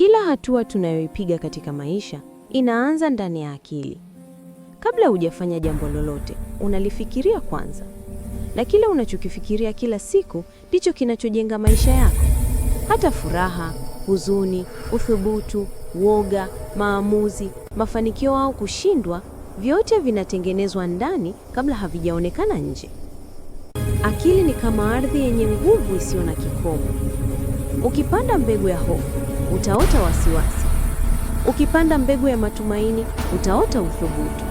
Kila hatua tunayoipiga katika maisha inaanza ndani ya akili. Kabla hujafanya jambo lolote, unalifikiria kwanza, na kile unachokifikiria kila siku ndicho kinachojenga maisha yako. Hata furaha, huzuni, uthubutu, woga, maamuzi, mafanikio au kushindwa, vyote vinatengenezwa ndani kabla havijaonekana nje. Akili ni kama ardhi yenye nguvu isiyo na kikomo. Ukipanda mbegu ya hofu utaota wasiwasi. Ukipanda mbegu ya matumaini, utaota uthubutu.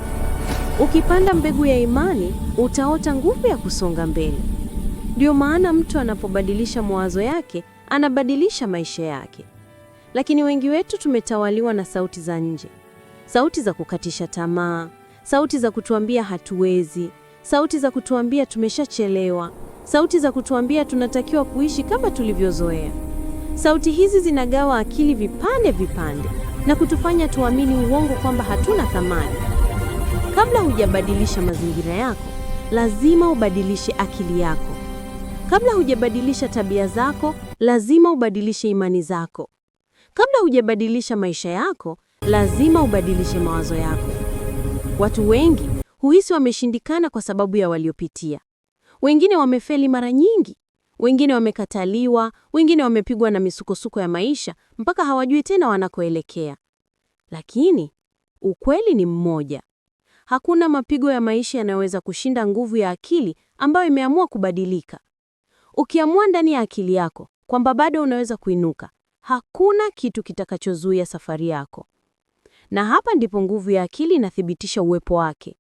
Ukipanda mbegu ya imani, utaota nguvu ya kusonga mbele. Ndio maana mtu anapobadilisha mawazo yake, anabadilisha maisha yake. Lakini wengi wetu tumetawaliwa na sauti za nje, sauti za kukatisha tamaa, sauti za kutuambia hatuwezi, sauti za kutuambia tumeshachelewa, sauti za kutuambia tunatakiwa kuishi kama tulivyozoea. Sauti hizi zinagawa akili vipande vipande na kutufanya tuamini uongo kwamba hatuna thamani. Kabla hujabadilisha mazingira yako, lazima ubadilishe akili yako. Kabla hujabadilisha tabia zako, lazima ubadilishe imani zako. Kabla hujabadilisha maisha yako, lazima ubadilishe mawazo yako. Watu wengi huhisi wameshindikana kwa sababu ya waliopitia. Wengine wamefeli mara nyingi wengine wamekataliwa, wengine wamepigwa na misukosuko ya maisha mpaka hawajui tena wanakoelekea. Lakini ukweli ni mmoja. Hakuna mapigo ya maisha yanayoweza kushinda nguvu ya akili ambayo imeamua kubadilika. Ukiamua ndani ya akili yako kwamba bado unaweza kuinuka, hakuna kitu kitakachozuia safari yako. Na hapa ndipo nguvu ya akili inathibitisha uwepo wake.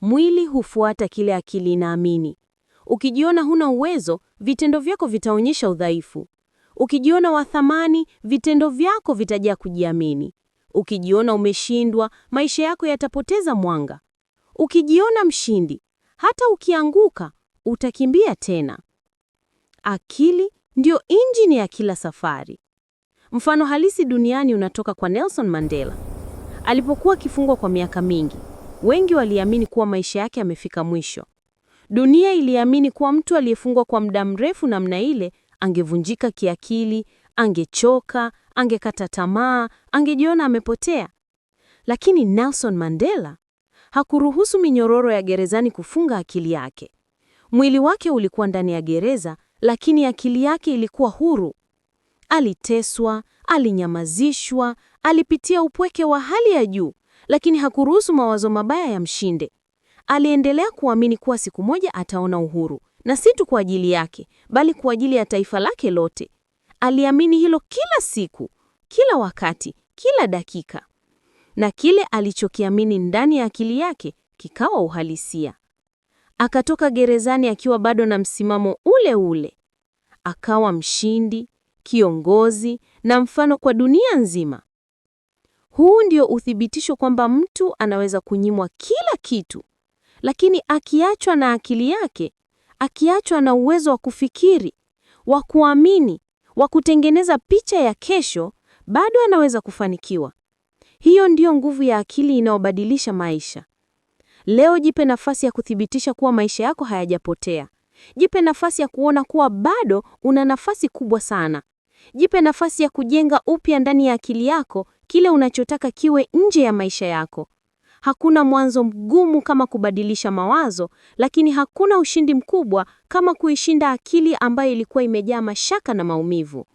Mwili hufuata kile akili inaamini, Ukijiona huna uwezo, vitendo vyako vitaonyesha udhaifu. Ukijiona wa thamani, vitendo vyako vitajaa kujiamini. Ukijiona umeshindwa, maisha yako yatapoteza mwanga. Ukijiona mshindi, hata ukianguka, utakimbia tena. Akili ndio injini ya kila safari. Mfano halisi duniani unatoka kwa Nelson Mandela. Alipokuwa akifungwa kwa miaka mingi, wengi waliamini kuwa maisha yake yamefika mwisho. Dunia iliamini kuwa mtu aliyefungwa kwa muda mrefu namna ile angevunjika kiakili, angechoka, angekata tamaa, angejiona amepotea. Lakini Nelson Mandela hakuruhusu minyororo ya gerezani kufunga akili yake. Mwili wake ulikuwa ndani ya gereza, lakini akili yake ilikuwa huru. Aliteswa, alinyamazishwa, alipitia upweke wa hali ya juu, lakini hakuruhusu mawazo mabaya yamshinde. Aliendelea kuamini kuwa siku moja ataona uhuru, na si tu kwa ajili yake, bali kwa ajili ya taifa lake lote. Aliamini hilo kila siku, kila wakati, kila dakika, na kile alichokiamini ndani ya akili yake kikawa uhalisia. Akatoka gerezani akiwa bado na msimamo ule ule. Akawa mshindi, kiongozi na mfano kwa dunia nzima. Huu ndio uthibitisho kwamba mtu anaweza kunyimwa kila kitu, lakini akiachwa na akili yake, akiachwa na uwezo wa kufikiri, wa kuamini, wa kutengeneza picha ya kesho, bado anaweza kufanikiwa. Hiyo ndiyo nguvu ya akili inayobadilisha maisha. Leo jipe nafasi ya kuthibitisha kuwa maisha yako hayajapotea. Jipe nafasi ya kuona kuwa bado una nafasi kubwa sana. Jipe nafasi ya kujenga upya ndani ya akili yako kile unachotaka kiwe nje ya maisha yako. Hakuna mwanzo mgumu kama kubadilisha mawazo, lakini hakuna ushindi mkubwa kama kuishinda akili ambayo ilikuwa imejaa mashaka na maumivu.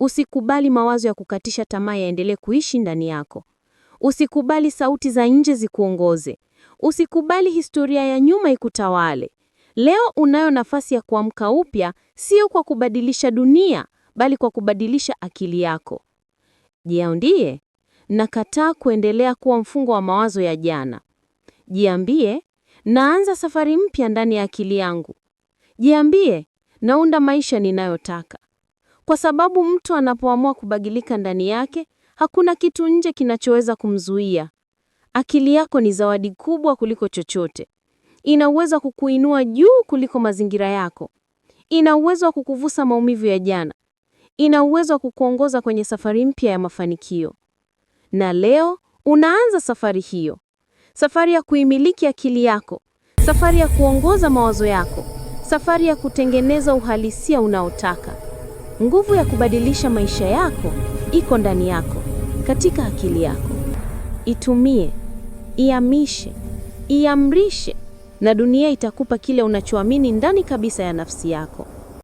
Usikubali mawazo ya kukatisha tamaa yaendelee kuishi ndani yako. Usikubali sauti za nje zikuongoze. Usikubali historia ya nyuma ikutawale. Leo unayo nafasi ya kuamka upya, sio kwa kubadilisha dunia, bali kwa kubadilisha akili yako. Jiaundie nakataa kuendelea kuwa mfungo wa mawazo ya jana. Jiambie, naanza safari mpya ndani ya akili yangu. Jiambie, naunda maisha ninayotaka. Kwa sababu mtu anapoamua kubadilika ndani yake, hakuna kitu nje kinachoweza kumzuia. Akili yako ni zawadi kubwa kuliko chochote. Ina uwezo wa kukuinua juu kuliko mazingira yako. Ina uwezo wa kukuvusa maumivu ya jana. Ina uwezo wa kukuongoza kwenye safari mpya ya mafanikio. Na leo unaanza safari hiyo, safari ya kuimiliki akili yako, safari ya kuongoza mawazo yako, safari ya kutengeneza uhalisia unaotaka. Nguvu ya kubadilisha maisha yako iko ndani yako, katika akili yako. Itumie, iamishe, iamrishe, na dunia itakupa kile unachoamini ndani kabisa ya nafsi yako.